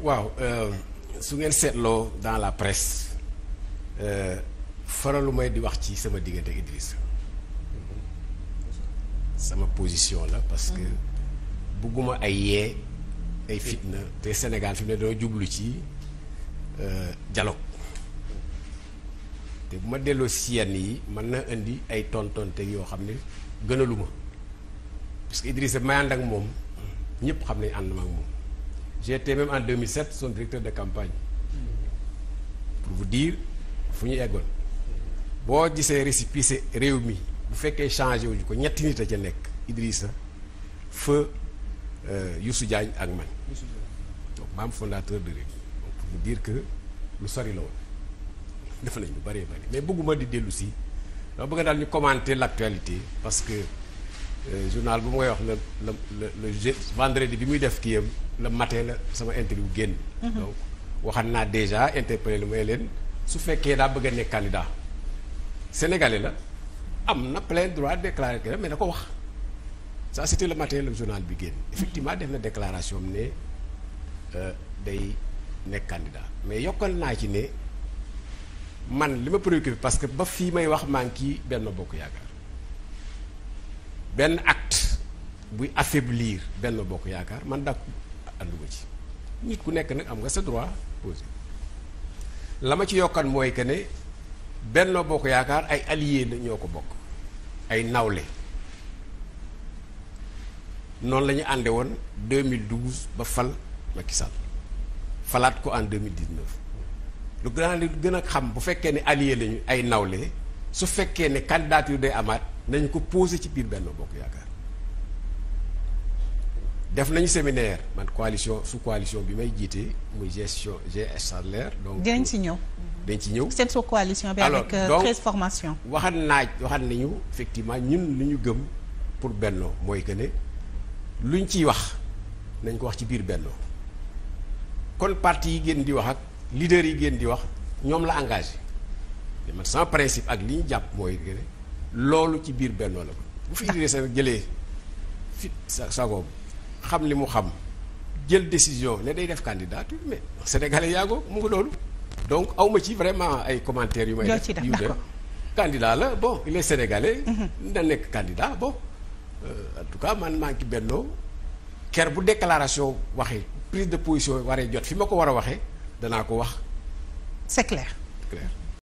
waaw euh, su ngeen seetloo dans la presse euh, faralu may di wax ci sama diggante Idrissa sama position la parce que bugguma ay yee ay fitna te Sénégal fi mu ne doo jublu ci euh, dialogue te bu ma delloo si yenn yi mën na indi ay tontonte yoo xam ne gënaluma parce que Idrissa may ànd ak moom ñëpp xam nañ ànd ak moom j'étais même en 2007 son directeur de campagne pour vous dire fu ñu eggoon boo gisee récépissé réew mi bu fekkee changé wuñu ko ñetti nit a ca nekk Idrissa feu euh, Youssou Diagne ak man donc maam fondateur de réew mi pour vous que lu sori la woon def nañ lu bëree bëri mais bëgguma di dellu si dama bëgg daal ñu commenter l' actualité parce que euh, journal bu mu koy wax la la le vendredi bi muy def kii yam le matin la sama interview génn. Mhm. donc naa déjà interpellé lu may leen su fekkee daa bëgg a nekk candidat sénégalais la am na plein droit déclarer que mais da ko wax sa c'était le matin le journal bi génn effectivement def na déclaration am ne euh, day nekk candidat mais yokkal naa ci ne man li ma préoccupé parce que ba fii may wax maa ngi kii benn bokk yaakaar benn acte buy affaiblir benn bokk yaakaar man dak ànduma ci nit ku nekk nag am nga sa droit posé la ci yokkan mooy que ne Benno Bokk Yaakaar ay alliés la ñoo ko bokk ay nawle noonu la ñu ànde woon 2012 ba fal Macky Sall falaat ko en 2019 lu gën a lu gën a xam bu fekkee ne allié lañu ay nawle su fekkee ne candidature day amaat nañu ko posé ci biir Benno Bokk Yaakaar def nañu séminaire man coalition sous coalition bi may jiite muy gestion GSLR. donc dañ ci ñëw. dañ ci ñëw seen sous coalition. bi avec euh, treize formations. waxat naaj waxat nañu effectivement ñun lu ñu gëm pour bennoo mooy que ne luñ ci wax nañ ko wax ci biir bennoo kon parti yi gën di wax ak leader yi gën di wax ñoom la engagé mais man sans principe ak li ñu jàpp mooy que ne loolu ci biir bennoo la bu fi Idrissa jëlee fit sa sagoobu xam li mu xam jël décision ne day def candidature mais sénégalais yaago mu ngi loolu donc awma ci vraiment ay commentaires yu may def yu de candidat la bon il est sénégalais mhm. na nekk candidat bon euh, en tout cas man maa ngi bennoo ker bu déclaration waxee prise de position waree jot fi ma ko war a waxee danaa ko wax c'est clair clair